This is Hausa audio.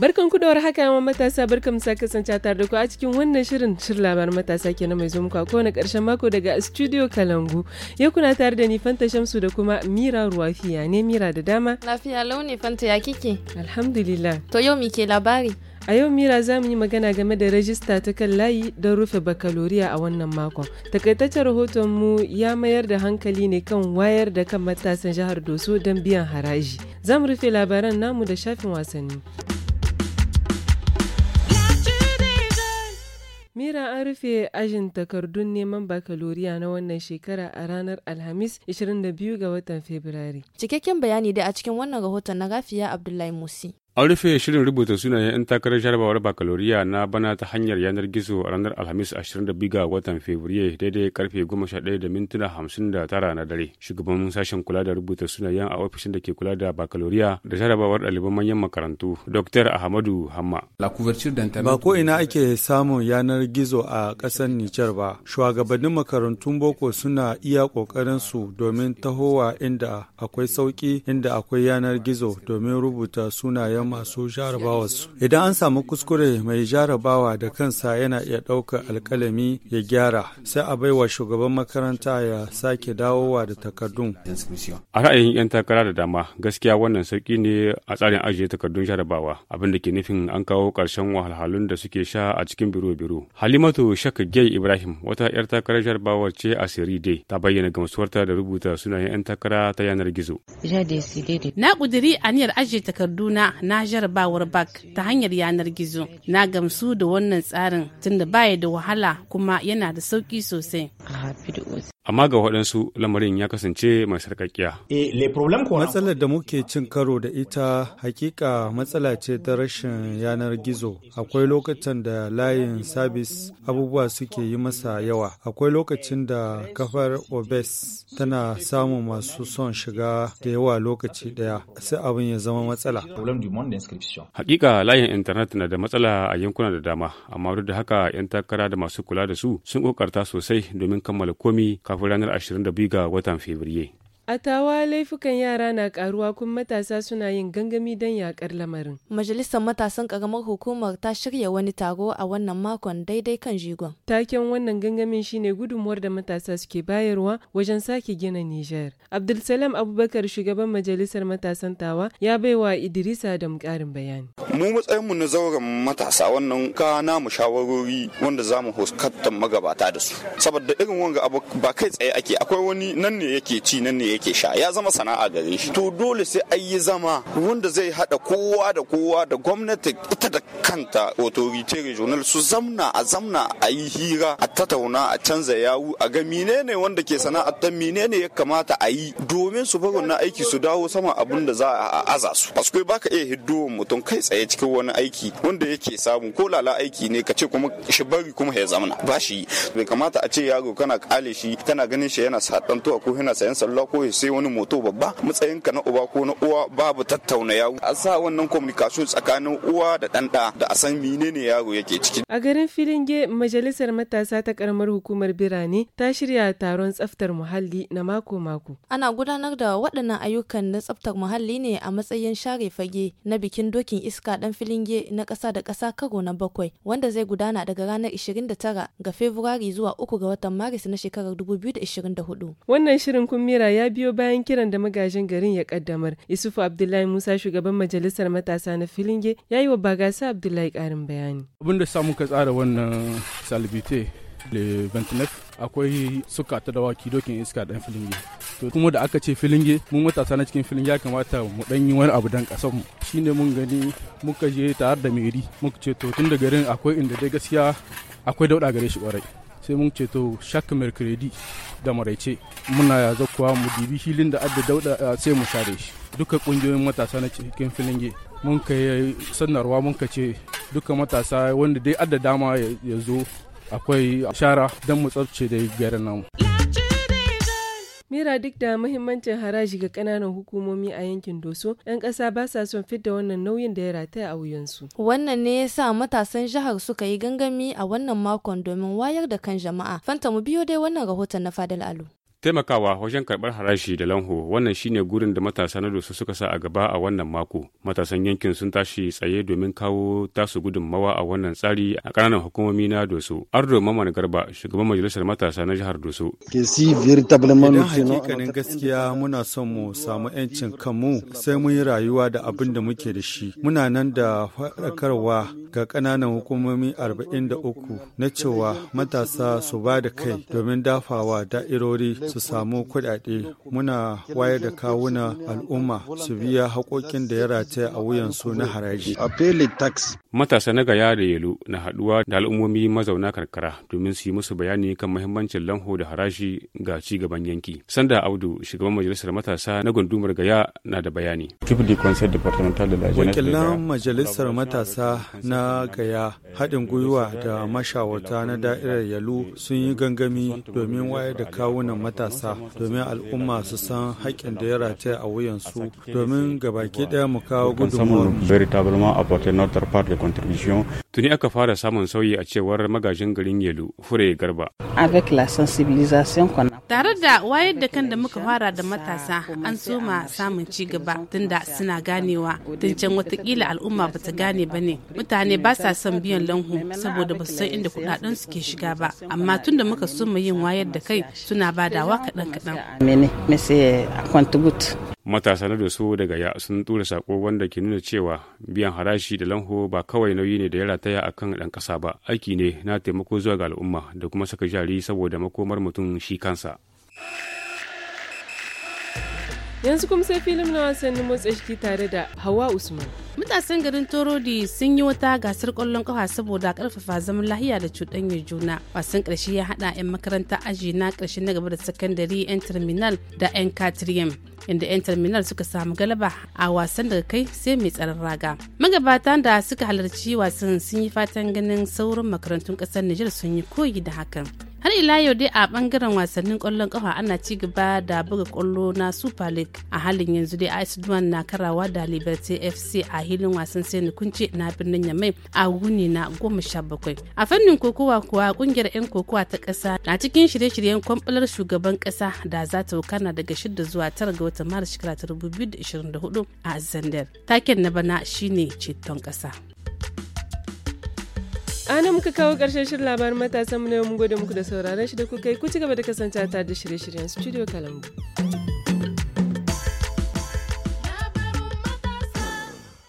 Barkan ku da haka yawan matasa barkan sa kasance tare da ku a cikin wannan shirin shirin labaran matasa ke na mai zo muku a kowane karshen mako daga studio Kalangu. Yau kuna tare da ni Fanta Shamsu da kuma Mira Ruwafiya ne Mira da dama. Lafiya launi Fanta ya kike? Alhamdulillah. To yau mi ke labari. A yau Mira za mu yi magana game da rajista ta kan layi don rufe bakaloriya a wannan makon. Takaitaccen mu ya mayar da hankali ne kan wayar da kan matasan jihar Doso don biyan haraji. Za mu rufe labaran namu da shafin wasanni. Samira an rufe ajin takardun neman bakaloriya na wannan shekara a ranar Alhamis 22 ga watan Fabrairu. Cikakken bayani dai a cikin wannan rahoton na gafiya Abdullahi Musi. an rufe shirin rubuta sunayen 'yan takarar jarabawar bakaloriya na bana ta hanyar yanar gizo a ranar alhamis 22 ga watan Fabrairu daidai karfe 11 da mintuna 59 na dare shugaban sashen kula da rubuta sunayen a ofishin da ke kula da bakaloriya da jarabawar ɗaliban manyan makarantu dr ahmadu hamma ba ko ina ake samun yanar gizo a ƙasar nijar ba shugabannin makarantun boko suna iya ƙoƙarin su domin tahowa inda akwai sauƙi inda akwai yanar gizo domin rubuta sunayen masu jarabawarsu. Idan an samu kuskure mai jarabawa da kansa yana iya ɗauka alkalami ya gyara sai a baiwa shugaban makaranta ya sake dawowa da takardun. A ra'ayin 'yan takara da dama gaskiya wannan sauƙi ne a tsarin ajiye takardun jarabawa abinda ke nufin an kawo ƙarshen wahalhalun da suke sha a cikin biro-biro. Halimatu Shaka Gay Ibrahim wata 'yar takarar jarabawar ce a Siride ta bayyana gamsuwarta da rubuta sunayen 'yan takara ta yanar gizo. Na ƙudiri aniyar ajiye takarduna na jarabawar bak ta hanyar yanar gizo na gamsu da wannan tsarin tunda baya da wahala kuma yana da sauki sosai amma ga waɗansu lamarin ya kasance mai sarƙaƙiya. Eh, matsalar da muke cin karo da ita hakika matsala ce ta rashin yanar gizo akwai lokacin da layin sabis abubuwa suke yi masa yawa akwai lokacin da kafar obes tana samun masu son shiga da yawa lokaci ɗaya sai abin ya zama matsala wanda inscription. Hakika layin intanet na da matsala a yankuna da dama, amma duk da haka 'yan takara da masu kula da su sun kokarta sosai domin kammala komi kafin ranar 22 ga watan Fabrairu. A tawa laifukan yara na karuwa kuma matasa suna yin gangami don yakar lamarin. Majalisar matasan karamar hukumar ta shirya wani taro a wannan makon daidai kan jigon. Taken wannan gangamin shine gudunmuwar da matasa suke bayarwa wajen sake gina Nijar. Abdulsalam Abubakar shugaban majalisar matasan tawa ya baiwa Idrisa da karin bayani. Mu matsayinmu na zauren matasa wannan ka namu shawarori wanda za mu huskantar magabata da su. Saboda irin wanga abu ba kai tsaye ake akwai wani nan ne yake ci nan ne yake sha ya zama sana'a gare shi to dole sai an yi zama wanda zai hada kowa da kowa da gwamnati ita da kanta authority regional su zamna a zamna a yi hira a tattauna a canza yawu a ga menene wanda ke sana'a ta menene ya kamata a yi domin su bar wannan aiki su dawo sama abin da za a aza su kai baka iya hiddo mutum kai tsaye cikin wani aiki wanda yake samu ko lala aiki ne ka ce kuma shi bari kuma ya zamana ba shi bai kamata a ce yaro kana kale shi kana ganin shi yana a ko yana sayan sallah ko kawai sai wani moto babba matsayin ka na uba ko na uwa babu tattauna yawo a sa wannan communication tsakanin uwa da dan da a san menene yaro yake ciki a garin filinge majalisar matasa ta karamar hukumar birane ta shirya taron tsaftar muhalli na mako-mako ana gudanar da waɗannan ayyukan na tsaftar muhalli ne a matsayin share fage na bikin dokin iska filin filinge na ƙasa da ƙasa karo na bakwai wanda zai gudana daga ranar 29 ga Fabrairu zuwa 3 ga watan Maris na shekarar 2024. Wannan shirin kun mira ya bi. biyo bayan kiran da magajin garin ya kaddamar. Yusuf Abdullahi Musa shugaban majalisar matasa na Filinge ya yi wa Bagasa Abdullahi karin bayani. Abin da samu ka tsara wannan salbite le 29 akwai suka ta dawaki dokin iska dan filinge to kuma da aka ce filinge mun matasa na cikin filinge ya kamata mu dan yi wani abu dan kasar mu shine mun gani muka je tare da meri muka ce to tun da garin akwai inda dai gaskiya akwai dauda gare shi kwarai sai mun ceto shak mercredi da maraice muna ya zakuwa mu dibi hilin da adda dauda eh, sai mu share shi duka kungiyoyin matasa na cikin filinge mun ka sanarwa mun ka ce duka matasa wanda dai adda dama ya zo akwai shara don mu tsabce da garin namu. Mira duk da muhimmancin haraji ga kananan hukumomi a yankin Doso, 'yan ƙasa ba sa son fidda wannan nauyin da ya rataya a wuyansu. Wannan ne ya sa matasan jihar suka yi gangami a wannan makon domin wayar da kan jama'a. Fanta mu biyo dai wannan rahoton na Fadal Alu. taimakawa wajen karbar harashi da lanho wannan shine gurin da matasa na doso suka sa a gaba a wannan mako matasan yankin sun tashi tsaye domin kawo tasu gudunmawa a wannan tsari a kananan hukumomi na doso ardo maman garba shugaban majalisar matasa na jihar doso idan hakikanin gaskiya muna son mu samu yancin kanmu sai mun yi rayuwa da abin da muke da shi muna nan da faɗakarwa ga ƙananan hukumomi 43 na cewa matasa su ba da kai domin dafawa da'irori su samu kuɗaɗe muna wayar da kawuna al'umma su biya haƙoƙin da ya ta a wuyan su na haraji. Matasa na gaya da yalu na haɗuwa da al'ummomi mazauna karkara domin su yi musu bayani kan mahimmancin lanho da haraji ga ci gaban yanki. Sanda Audu shugaban majalisar matasa na gundumar gaya na da bayani. Wakilan majalisar matasa na gaya haɗin gwiwa da mashawarta na da'irar yalu sun yi gangami domin wayar da kawunan matasa domin al'umma su san haƙƙin da ya rataya a su domin gabaki ɗaya muka Nous Véritablement apporter notre part de contribution. Tuni aka fara samun sauyi a cewar magajin garin Yelu, fure Garba. Tare da wayar da kan da muka fara da matasa an soma samun ci gaba tunda suna ganewa tun can watakila al'umma ba ta gane ba ne. Mutane ba sa son biyan lanhu saboda ba su san inda kudaden su ke shiga ba. Amma tunda muka soma yin wayar da kai suna ba badawa kaɗan-kaɗan. matasa na da daga ya sun tura sako wanda ke nuna cewa biyan harashi da lanho ba kawai nauyi ne da ya yi a kan ɗan ƙasa ba aiki ne na taimako zuwa ga al'umma da kuma saka jari saboda makomar mutum shi kansa. Yanzu kuma sai filin na wasannin motsa jiki tare da Hawa Usman. Matasan garin Torodi sun yi wata gasar kwallon kafa saboda karfafa zaman lahiya da cuɗanyar juna. Wasan karshe ya haɗa 'yan makaranta aji na ƙarshe na gaba da sakandare 'yan terminal da 'yan katriyam. Inda 'yan terminal suka samu galaba a wasan daga kai sai mai tsaron raga. Magabatan da suka halarci wasan sun yi fatan ganin sauran makarantun ƙasar Nijar sun yi koyi da hakan. har ila yau dai a bangaren wasannin kwallon kafa ana ci gaba da buga kwallo na super league a halin yanzu dai ice duwan na karawa da liberty fc a hilin wasan sai kunce na birnin yamai a wuni na goma sha bakwai a fannin kokowa kuwa kungiyar yan kokowa ta kasa na cikin shirye-shiryen kwamfalar shugaban kasa da za ta wakana daga shida zuwa tara ga watan maris shekara ta hudu a zander taken na bana shine ceton kasa. ana muka kawo karshen shirin labarin matasan mu na yau mun gode muku da sauraron shi da kuka yi ku ci gaba da kasancewa ta da shirye-shiryen studio kalangu.